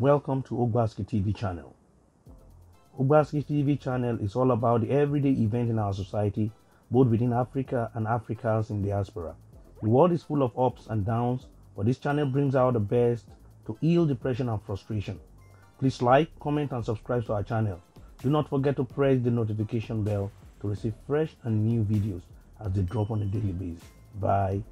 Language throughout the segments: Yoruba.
Welcome to Ogbaski TV channel. Ogbaski TV channel is all about the everyday event in our society, both within Africa and Africans in diaspora. The world is full of ups and downs, but this channel brings out the best to heal depression and frustration. Please like, comment, and subscribe to our channel. Do not forget to press the notification bell to receive fresh and new videos as they drop on a daily basis. Bye.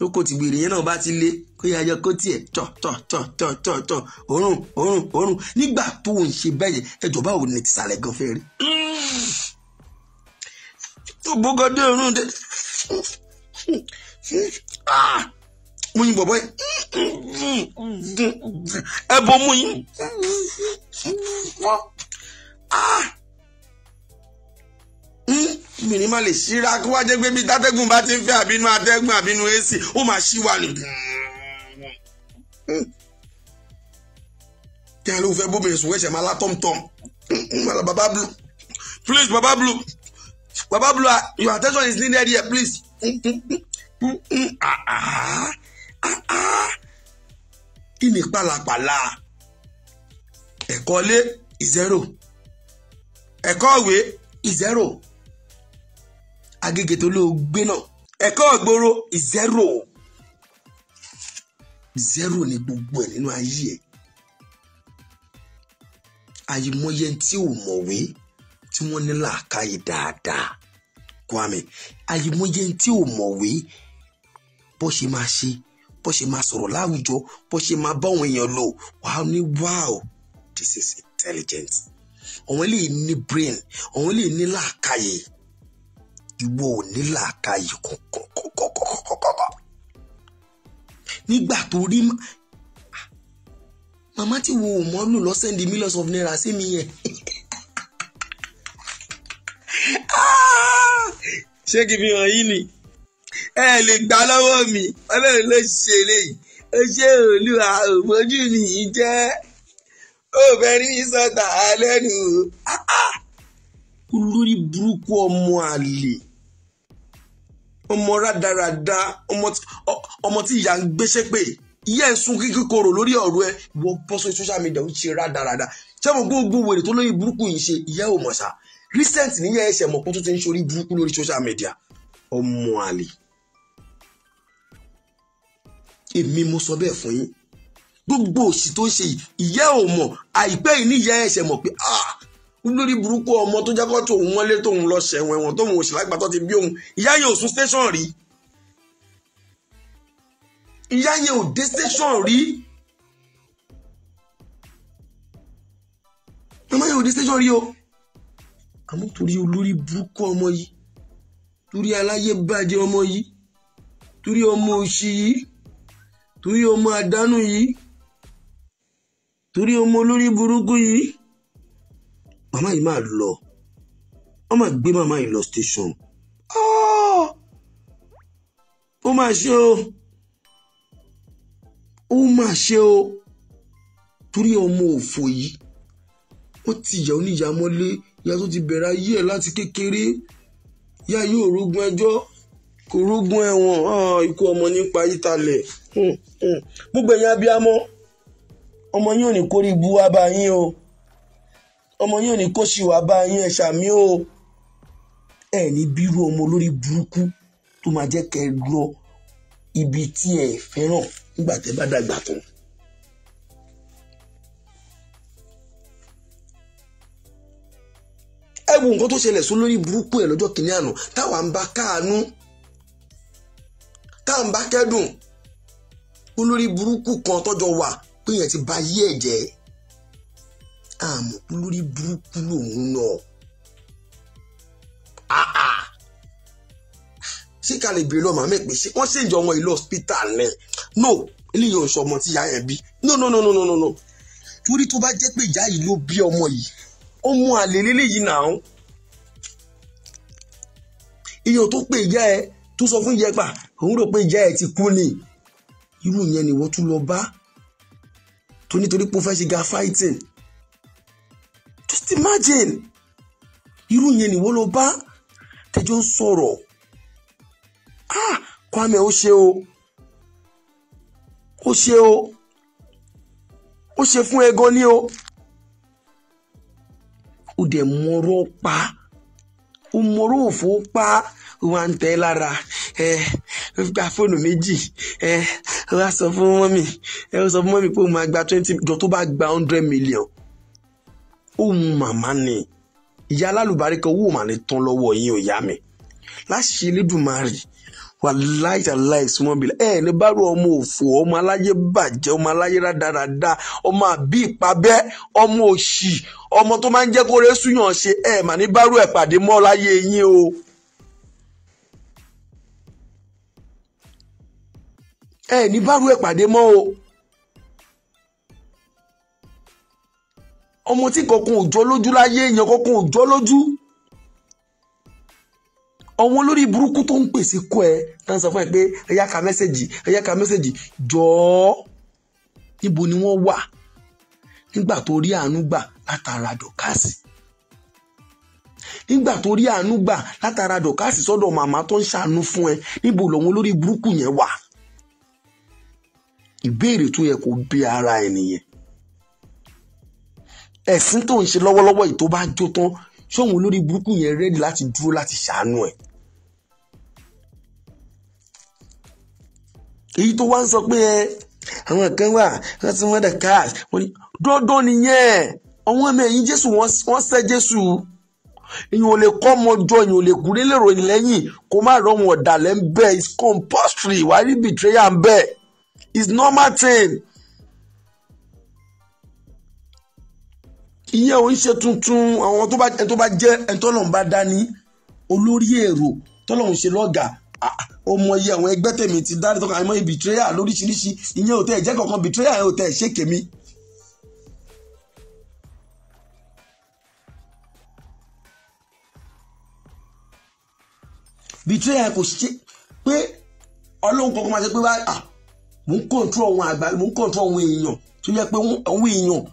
lóko tí gbèrè yẹn náà bá ti lé kó yá yọ kó tiẹ̀ tọ̀ tọ̀ tọ̀ tọ̀ tọ̀ tọ̀ òórùn òórùn òórùn nígbà tó ń ṣe bẹ́yẹn ẹjọ́ báwo ni tìsàlẹ̀ gan fẹ́ rí. tó bókan dé òórùn dé ah! mo yin bọ̀bọ̀ ẹ bọ mo yin. Ah! mìíràn má lè ṣíra kó wá jẹ́ pé bí tátẹ́gùn bá ti ń fẹ́ àbínú atẹ́gùn àbínú ac ó máa ṣí wa lò. Hmm? kí a ló fẹ́ bóbìnrin sùn wẹ́sẹ̀ máa lá tọ́mtọ́m hmm? baba blue please baba blue baba blue ah, your attention is needed here please. Hmm? Ah, ah. kí ni pàlàpàlà ẹ̀kọ́ lé zero ẹ̀kọ́ ìwé zero agége tó ló gbé náà ẹ̀kọ́ ìgboro zero zero ni gbogbo ẹ̀ nínú ayé ẹ̀ àìmọye tí ò mọ̀wé tí wọ́n ní làákàyè dáadáa Kwame àìmọye tí ò mọ̀wé bó ṣe máa ṣe bó ṣe máa sọ̀rọ̀ láwùjọ bó ṣe máa bá àwọn èèyàn lò wàá ní wow this is intelligent àwọn eléyìí ní brain àwọn eléyìí ní làákàyè ìwọ ò ní làákàyè kọ̀kọ̀kọ̀kọ̀kọ̀kọ̀ nígbà tó rí màmá tí wo ò mọ́ lù lọ send millions of naira sí mi yẹn ṣé kí mi hàn yín ni ẹ lè gbà lọ́wọ́ mi ọlọ́run ló ṣe eléyìí ó ṣe olúwa òmójú mi yìí jẹ́ obìnrin mi sọ̀tà lẹ́nu olórí burúkú ọmọ àlè ọmọ rádaràda ọmọ tí ìyá ń gbéṣẹ́ pé ìyá ẹ̀ sun kíkí korò lórí ọ̀rọ̀ ẹ wọ́n bọ́ social media ó ṣe rádaràda sẹ́wọ̀n gbogbo wèrè tó lóyún burúkú yìí ṣe ìyá ò mọ̀ ṣá recent níyẹn ẹ̀ṣẹ̀ mọ̀ kó tó ti ń ṣorí burúkú lórí social media ọmọ àlè èmi mo sọ bẹ́ẹ̀ fún yín gbogbo òṣì tó ń ṣe ìyá ò mọ̀ àìpẹ́ yìí ní ìyá mọ̀ pé ah lórí burúkú ọmọ tó jákọ́ tó òun mọ́lé tóun lọ ṣẹ̀wọ̀n ẹ̀wọ̀n tóun òṣèlú àgbàtọ́ ti bí òun ìyá yẹn ò sún station rí ìyá yẹn ò dé station rí màmá yẹn ò dé station rí o àmọ́ torí olórí burúkú ọmọ yìí torí aláyé bàjẹ́ ọmọ yìí torí ọmọ òṣì yìí torí ọmọ àdánù yìí torí ọmọ olórí burúkú yìí màmá yìí máa lọ wọ́n máa gbé màmá yìí lọ station ah! ó máa ṣe o ó máa ṣe o torí ọmọ òfò yìí wọ́n ti ìyá oníyà mọ́lé ìyá tó ti bẹ̀rẹ̀ ayé ẹ̀ láti kékeré ìyá yóò rógun ẹjọ́ kò rógun ẹ̀wọ̀n ah, ikú ọmọ nípa ìtàlẹ̀ hmm, hmm. gbogbo ẹ̀yin abiyamọ ọmọ yín ò ní kórìí bu wá o ọmọ yín ò ní kó sì wá bá yín ẹ ṣàmì o ẹ ní bírú ọmọ olórí burúkú tó máa jẹ́ kẹ́ ẹ lọ ibi tí ẹ fẹ́ràn nígbà tẹ́ bá dàgbà tán. ẹ wo nǹkan tó ṣẹlẹ̀ sún lórí burúkú ẹ̀ lọ́jọ́ kìíní àná táwa ń bá káàánú táà ń bá kẹ́dùn olórí burúkú kan tọ́jọ́ wà pé yẹn ti bà yí ẹ̀ jẹ́ àmọ́ lórí burúkú lòun náà àà ah, ah. ṣé ká lè béèrè lọ́mọ àmì pé ṣé wọ́n ṣèjọ ọmọ ìlú hospital náà no eléyìí ò ń sọ ọmọ tí ìyá yẹn bí no no no no no no torí tó bá jẹ́ pé ìyá yìí ló bí ọmọ yìí ọmọ àlè lélẹ́yìí náà iyàn tó pè ìyá ẹ tó sọ fún ìyá ẹ pa òun rò pé ìyá ẹ ti kú ni irú yẹn ni wọ́n tún lọ bá tó nítorí pé ó fẹ́ ṣe ga fighting just imagine irú yẹn nìwọ ló bá tẹjọ ń sọ̀rọ̀ ah Kwame ó ṣe o ó ṣe o ó ṣe fún ẹ ni o ó dẹ̀ mọ̀rọ̀ pa ó mọ̀rọ̀ òfò pa wà ń tẹ́ lára ẹ gba fóònù méjì ẹ wá sọ fún mọ́mì ẹ sọ fún mọ́mì pé ó máa gba twenty jọ tó bá gba hundred million ohun màmá ni ìyá alálùbáríkà owó màá ní tán lọ́wọ́ yín ò yá mi láṣì elédùnmarè wà láìta láì súnmọ́ bìlà ẹ̀ ní bárò ọmọ òfò ọmọ aláyé bàjẹ́ ọmọ aláyé rádaràda ọmọ àbí ìpabẹ́ ọmọ òṣì ọmọ tó máa ń jẹ́ kó rẹ́sùyàn ṣe ẹ̀ mà ní bárò ẹ̀ pàdé mọ́ láyé yín o. ẹ̀ ní bárò ẹ̀ pàdé mọ́ o. ọmọ tí kankan òjò lójú láyé èèyàn kankan òjò lójú ọwọ́n lórí burúkú tó ń pèsè kó ẹ tá ń sọ fún ẹ pé ẹyà ka mẹ́sẹ̀gì ẹyà ka mẹ́sẹ̀gì jọ̀ọ́ níbo ni wọ́n wà nígbà tó rí àánú gbà látara dọ̀kásì nígbà tó rí àánú gbà látara dọ̀kásì sọ́dọ̀ màmá tó ń ṣàánú fún ẹ níbo lọ́wọ́n lórí burúkú yẹn wà ìbéèrè tó yẹ kó bí ara ẹ nìyẹn ẹ̀sìn tó ń ṣe lọ́wọ́lọ́wọ́ yìí tó bá jó tán ṣóun olórí burúkú yẹn rẹ́dí láti dúró láti ṣàánú ẹ̀. èyí tó wá ń sọ pé ẹ àwọn kan wà wọ́n ti mọ́dà káàs wọ́n ní dandan nìyẹn àwọn ọmọ ẹ̀yìn jésù wọ́n sẹ́ jésù èyàn ò lè kọ́ ọmọ ọjọ́ èyàn ò lè kúrè lèrò lẹ́yìn kó má rọ wọn ọ̀dàlẹ̀ ń bẹ it's compulsory wàá rí betrayal ń bẹ it's normal thing ìyẹn ò ń ṣe tuntun àwọn tó bá ẹni tó bá jẹ́ ẹni tọ́lọ́run bá dání olórí èrò tọ́lọ́run ṣe lọ́gàá ó mọ iye àwọn ẹgbẹ́ tèmi ti dá tọ́ka àìmọ́ bìtírẹ́yà lóríṣiríṣi ìyẹn ò tẹ̀ jẹ́ kankan bìtírẹ́yà ò tẹ̀ ṣe kèmí. bìtírẹ́yà kò ṣe pé ọlọ́run kankan máa ṣe pé báyìí mò ń kọ̀ǹtrọ̀ àwọn àgbà mò ń kọ̀ǹtrọ̀ àwọn èèyàn tó yẹ pé àwọn èèyàn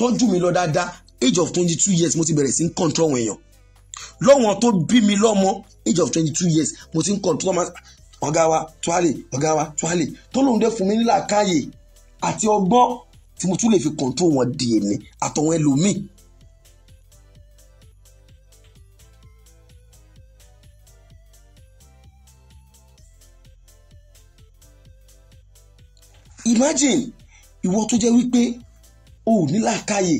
tọ́jú mi lọ dáadáa age of twenty two years mo ti bẹ̀rẹ̀ sí ń control àwọn èèyàn lọ́wọ́n tó bí mi lọ́mọ age of twenty two years mo ti ń control ọmọ ọ̀gá wa tuale ọ̀gá wa tuale tó lóun dé fún mi nílà káyè àti ọgbọ́n tí mo tún lè fi control wọn di èmi àtọ̀wọn ẹlòmíì imagine ìwọ tó jẹ́ wípé o ò ní làákàyè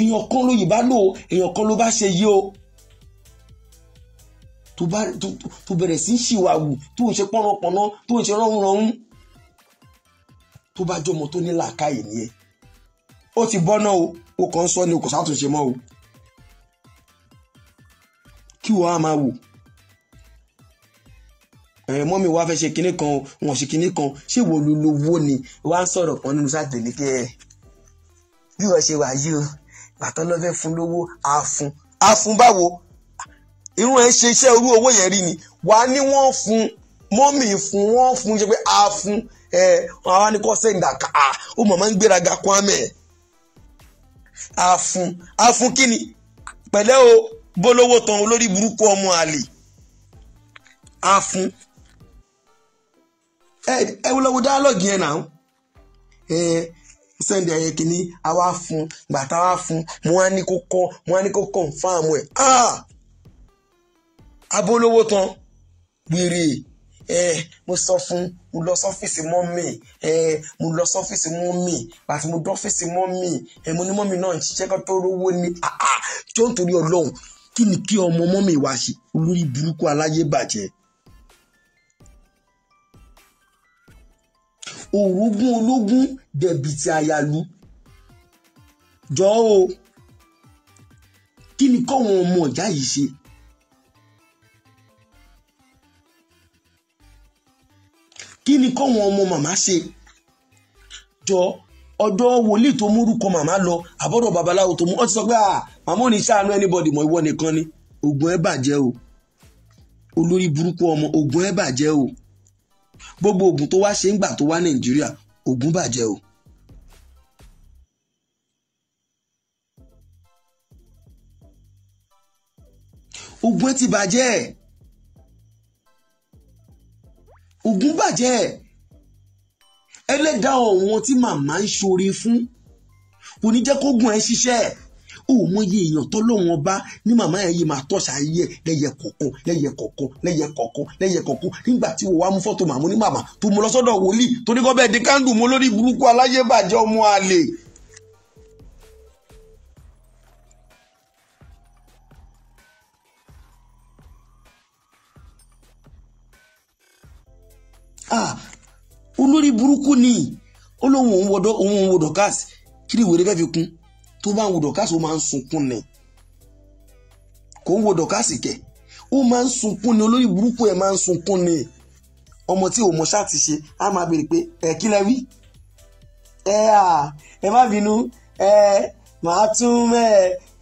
èèyàn kan ló yìí bá lò ó èèyàn kan ló bá ṣe yìí o tó bẹ̀rẹ̀ sí í ṣìwàwù tó ń ṣe pọ́nrọpọ̀nà tó ń ṣe rọ́húnrọ́hún tó bá jọmọ tó ní làákàyè nìyẹn ó ti bọ́ná o o kàn ń sọ ni o kò sátúnṣe mọ́ o kí wọ́n á máa wò mọ́ mi wá fẹ́ ṣe kinní kan wọ́n ṣe kinní kan ṣé wo lolówó ni wọ́n á sọ̀rọ̀ kan nínú sátẹ̀lẹ́kẹ́ ẹ̀ bí wọ́n ṣe wà yìí o bàtọ́ lọ fẹ́ fún lówó àfún àfún báwo irú ẹ̀ ṣe iṣẹ́ orú owó yẹn rí ni wàá ní wọ́n fún mọ́mì fún wọ́n fún ṣe pé àfún ẹ̀ àwa ni kò sẹ́ńdà ká ó mọ̀ máa ń gbéraga Kwame àfún àfún kí ni pẹ̀lẹ́ o bólówó tán olórí burúkú ọmọ àlè àfún ẹ ẹ wọ́n dáálọ́gì yẹn náà sẹ́ndì ẹ̀yẹ kìíní àwa fún gbàtà wa fún mo wá ní kó kọ́ mo wá ní kó kọ́ fáàmù ẹ̀ abólówó ah! tán wèrè ẹ mo sọ fún mo lọ sọ́fíìsì mọ́mì ẹ mo lọ sọ́fíìsì mọ́mì àti mo dọ́fíìsì mọ́mì ẹ mo ní mọ́mì náà ń ṣiṣẹ́ kan tó rówó ni tó ń torí ọlọ́run kí ni kí ọmọ mọ́mì wá ṣe olórí burúkú aláyé bàjẹ́ orogún ológun dẹ̀bìtì àyàlú jọ o kí ni kọ́wọn ọmọ ìjà yìí ṣe. kí ni kọ́wọn ọmọ màmá ṣe jọ ọ̀dọ̀ wòlíì tó múrúkọ màmá lọ àbọ̀dọ̀ babaláwo tó mú ọ ti sọ pé ah, màmá ò ní ṣàánú anybody mọ́ ìwọ nìkan ni oògùn ẹ bàjẹ́ o olórí burúkú ọmọ oògùn ẹ bàjẹ́ o gbogbo oògùn tó wá ṣe ń gbà tó wá nàìjíríà oògùn bàjẹ́ o. oògùn ti bàjẹ́ oògùn bàjẹ́ ẹlẹ́dàá ọ̀wọ́n tí màmá ń ṣoore fún kò ní jẹ́ kógun ẹ̀ ṣiṣẹ́ ó mọyì èèyàn tó lóun ọba ní màmá ẹ̀ yìí máa tọ́ṣà ayé ẹ̀ lẹ́yẹ kọ̀ọ̀kan lẹ́yẹ kọ̀ọ̀kan lẹ́yẹ kọ̀ọ̀kan lẹ́yẹ kọ̀ọ̀kan nígbà tí wọ́n wá mú fọ́tò màmú ní màmá tó mú lọ́sọ́dọ̀ wòlíì torí kọ́ bẹ́ẹ̀ di kándù mú lórí burúkú aláyé bàjẹ́ ọmọ àlè. olórí burúkú ni ó lóun òun wọdọ òun òun wọdọ gáàsì kí ni ìwé rẹ fẹ́ fi kún tó bá ń wo dọ̀kásì ó máa ń sunkún ni kò ń wo dọ̀kásì kẹ̀ ó máa ń sunkún ni olórí burúkú ẹ̀ máa ń sunkún ni ọmọ tí òmò ṣá ti ṣe á máa béèrè pé ẹ kí lẹ wí ẹ à ẹ má bínú ẹ màá tún ẹ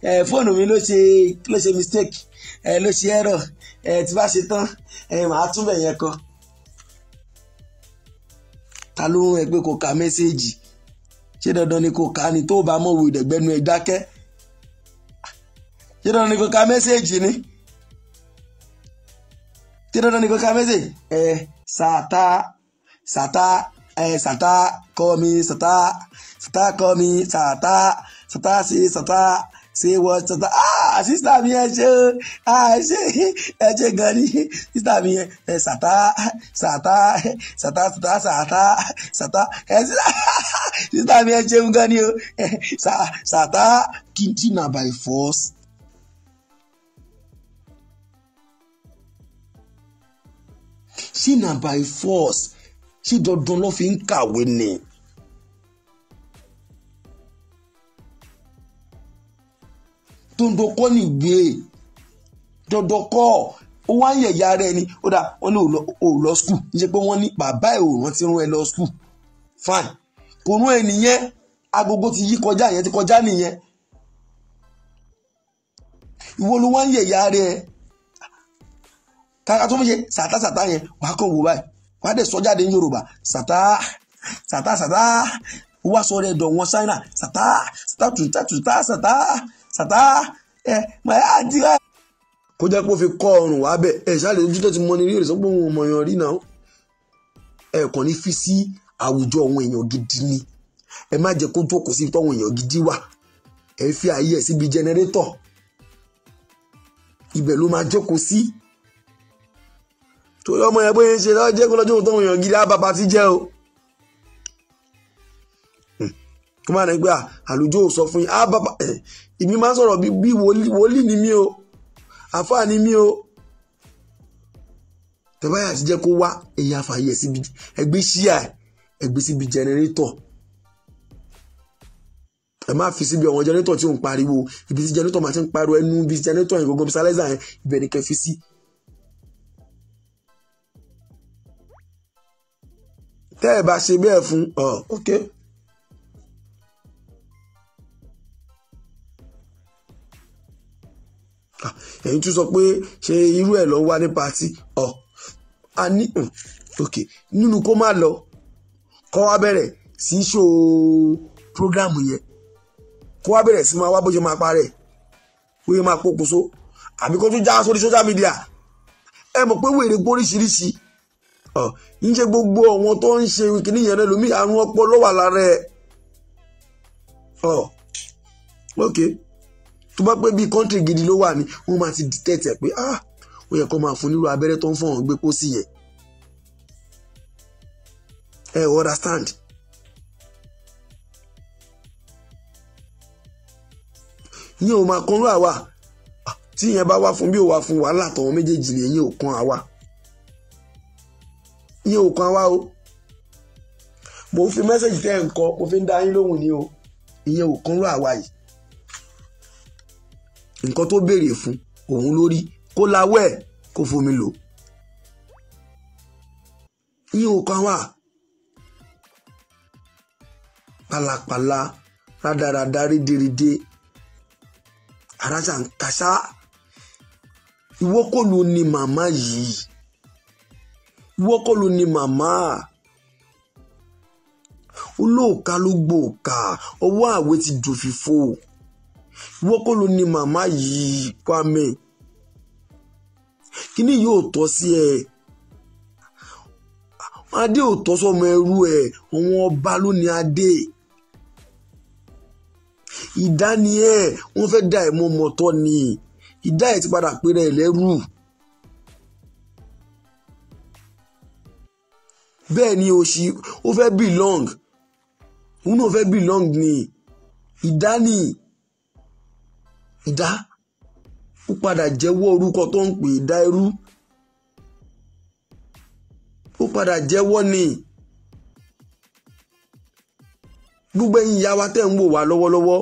ẹ fóònù mi ló ṣe ló ṣe mistake ẹ ló ṣe error ẹ tí bá ṣe tán ẹ màá tún bẹ̀ kọ ta ló ń ẹgbẹ́ kó ka mẹ́sẹ́ẹ̀jì ṣé dandan ni kò ká ni tó bá mọ̀ wò ìdẹ̀gbẹ́nu ẹ̀ dákẹ́ ṣé dandan ni kò ká mẹ́sẹ̀jì ni ṣé dandan ni kò ká mẹ́sẹ̀jì ẹ sàtà sàtà ẹ sàtà kọ́ mi sàtà sàtà kọ́ mi sàtà sàtà sí sàtà ṣé wọ́n tọ́ta ah sísá mi ẹ ṣe ah ẹ ṣe ẹ ṣe gan ni sísá mi ẹ sata, sata. Sata. sàtá sàtá sàtá ẹ sísá mi ẹ ṣeun gan ni o sàtá kìntìnà by force. ṣìnà by force ṣé dandan ló fi ń kàwé ni. dondokọ nìgbé dondokọ ó wá ń yẹ̀yà ara ẹni ó dà wọ́n ní ò lọ skul níṣẹ́ pé wọ́n ní bàbá ẹ̀ ò rántí rán ẹ lọ skul fine kò rún ẹ nìyẹn agogo ti yí kọjá yẹn ti kọjá nìyẹn ìwọ ló wá ń yẹ̀yà ara ẹ kára tó ń ṣe sàtàsàtà yẹn wàá kàn wò báyìí wàá dẹ̀ sọ jáde Yorùbá sàtà sàtà sàtà wá sọ rẹ̀ dọ̀ wọn ṣáínà sàtà sàtà tùtà tùtà sàtà sàtá ẹ màá yà á ti rẹ. kó jẹ́ pé ó fi kọ́ ọrùn wá bẹ̀ ẹ̀ ṣáà lè ojú tó ti mọ ní rí òrìṣà pé òun ò mọ̀yàn rí náà ẹ̀ kàn ní fi sí àwùjọ àwọn èèyàn gidi ni ẹ má jẹ́ kó jókòó síbi táwọn èèyàn gidi wà ẹ fi ààyè ẹ̀ síbi jẹnẹrétọ̀ ibẹ̀ ló máa jókòó sí torí ọmọ yẹn bóyá ń ṣe lọ́jọ́ kó lọ́jọ́ òun táwọn èèyàn gidi á bàbá ti jẹ́ o. kí máa ní pé ah, àlùjọ ò sọ fún yín ábà ah, ìbí máa ń sọ̀rọ̀ bí wòlíì ni mí o àfáà ni mí o tẹ̀báyà ti jẹ́ kó wá èyàn àfààyè síbi ẹgbẹ́ ṣíà ẹgbẹ́ síbi jẹnẹrétọ̀ ẹ má fi síbi ọ̀wọ́n jẹnẹrétọ̀ tí ò ń pariwo ibi tí jẹnẹrétọ̀ máa ti ń pariwo ẹnu ibi tí jẹnẹrétọ̀ yẹn gbogbo bisalẹ́sà yẹn ibẹ̀ ni kẹ́ fi sí. tẹ́ ẹ bá ṣe bẹ́ẹ̀ fún ọ ok ẹ̀yin tún sọ pé ṣe irú ẹ̀ lọ wá ní pati ọ̀ a ní òkè hmm, nínú kó má lọ kó wá bẹ̀rẹ̀ sí ṣó prógrámù yẹn kó wá bẹ̀rẹ̀ sí máa wá bó máa parẹ́ bó máa pokùnso àbí kó tún já sórí social media ẹ mọ̀ pé wèrè gbóríṣiríṣi ń ṣe gbogbo àwọn tó ń ṣe kìnní yẹn lẹ́nu àrùn ọpọlọ wà lára ẹ̀ ok tó bá pé bíi kọ́ńtì gidi ló wà ní wọ́n máa ti detect pé ah ó yẹ kó máa fún nílò abẹ́rẹ́ tó ń fọ̀hún gbé pósí yẹn ẹ ò understand. ìyẹn ò máa kan ló àwa ah, tí ìyẹn bá wá fún bí ò wá fún wàhálà tọ̀wọ́n méjèèjì lè yẹn ò kan àwa ìyẹn ò kan àwa o mo fi mẹ́sẹ̀gì tẹ́ ẹ̀ ń kọ mo fi ń dá yín lóhùn ni o ìyẹn ò kan àwa yìí nǹkan tó béèrè fún òun lórí kó lawọ́ ẹ̀ kó fomi lò yín ò kan wà pàlàpàlà rádaràda rédèrèdè arájà ń kásá ìwọ́kọ̀lù ni màmá yìí ìwọ́kọ̀lù ni màmá olóòka ló gbòòkà ọwọ́ àwẹ̀ ti dòfìfò wọ́kọ́lù ni màmá yìí Kwame kíní yóò tọ́ sí ẹ adé ò tọ́ sọmọ ẹrú ẹ òun ọba ló ní adé ìdání ẹ wọ́n fẹ́ da ẹ̀mọ́ mọ̀tọ́ ni ìdá ẹ̀ ti padà péré ẹ̀ lẹ́rù. bẹ́ẹ̀ ni òṣì ó fẹ́ belong òun náà fẹ́ belong ni ìdání ìdá ó padà jẹ́wọ́ orúkọ tó ń pè dá irú ó padà jẹ́wọ́ ni gbogbo ẹ̀yin ìyá wa tẹ̀ ń wò wá lọ́wọ́lọ́wọ́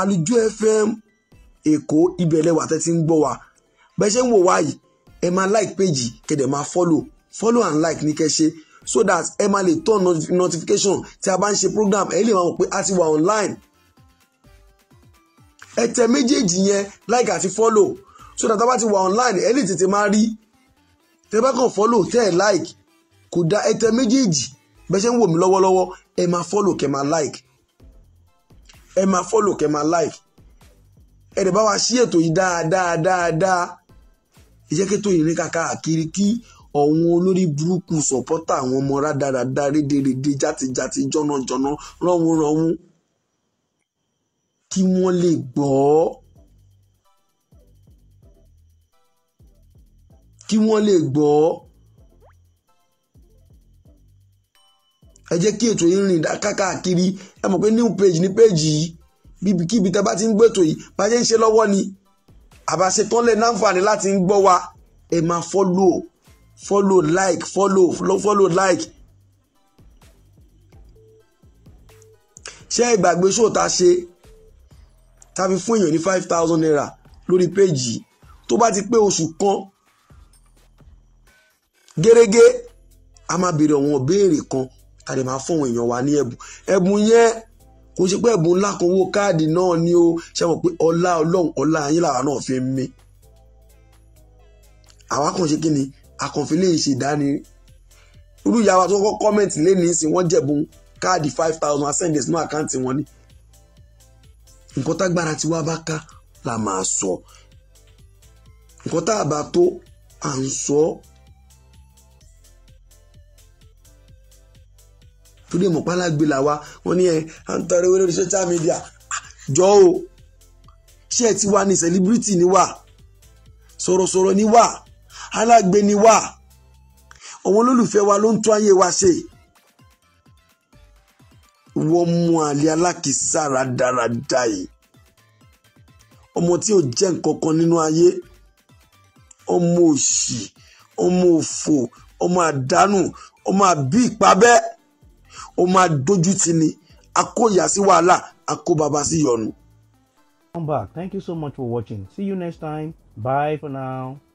Àlùjọ FM Èkó ibẹ̀lẹ̀ wà tẹ́ ti ń gbọ́ wa bẹ́ẹ̀ ṣe ń wò wá yìí ẹ máa like page kẹ̀dẹ̀ máa follow follow and like ní kẹ́ so that ẹ máa lè turn notification tí a bá ń ṣe program ẹ lè máa mọ̀ pé a ti wà online ẹ tẹ méjèèjì yẹn like àti follow so that bá ti wà online ẹ lè tètè máa rí tẹ bá kàn follow tẹ ẹ like kò da ẹ tẹ méjèèjì bẹ́ẹ̀ ṣe ń wò mí lọ́wọ́lọ́wọ́ ẹ máa follow kẹ máa like ẹ máa follow kẹ máa like ẹ dẹ̀ bá wa ṣí ètò yìí dáadáa dáadáa ẹ jẹ́ kí ètò yìí rìn káàkiri kí ọ̀hún olórí burúkú sọ̀pọ́tà àwọn ọmọ rádaràda rédèrèdè játijàti jọ́nàjọ́nà rọ́hún kí wọ́n lè gbọ́ kí wọ́n lè gbọ́ ẹ jẹ́ kí ètò yìí rìn káàkiri ẹ mọ̀ pé new page ní page yìí bíbikíbi tẹ́ bá ti ń gbètò yìí bá jẹ́ ń ṣe lọ́wọ́ ni àbáṣetán lẹ̀ náǹfààní láti ń gbọ́ wa ẹ máa follow follow like follow follow like ṣé ìgbàgbé ṣòta ṣe tàbí fún èèyàn ní five thousand naira lórí péjì tó bá ti pé oṣù kan gẹ́gẹ́ a máa béèrè àwọn ìbéèrè kan tàbí máa fún àwọn èèyàn wa ní ẹ̀bùn ẹ̀bùn yẹn kò ṣe pé ẹ̀bùn ńlá kan owó káàdì náà ni ó ṣe mọ̀ pé ọlá ọlọ́run ọlá yín làwa náà fi ń mí àwa kàn ṣe kí ni àkànfin lè ṣe ìdáni irú ìyá wa tó kọ́ kọ́mẹ̀ntì lẹ́nu ìsìn wọ́n jẹ̀bùn káàdì five thousand ascendance náà àkáǹtì wọn ni nǹkan tágbára tí wá bá ká la máa sọ nǹkan tá a bá tó à ń sọ ọ́ torí èmọ̀ pálágbé là wa wọ́n ní ẹ à ń tọrọ ewé lórí social media ah, jọ o ṣé ẹ ti wá ní celebrity ni wà sọ̀rọ̀sọ̀rọ̀ ni wà alágbe ni wà àwọn olólùfẹ́ wa ló ń tún ayé wa ṣe ìwọ ọmọ àlè alákìísà rádaràda yìí ọmọ tí ò jẹ́ nǹkan nínú ayé ọmọ òṣì ọmọ òfò ọmọ àdánù ọmọ àbí ìpabẹ́ ọmọ àdójútì ni akóyà sí wàhálà akóbaba sí yọnu. Come back. Thank you so much for watching. See you next time. Bye for now.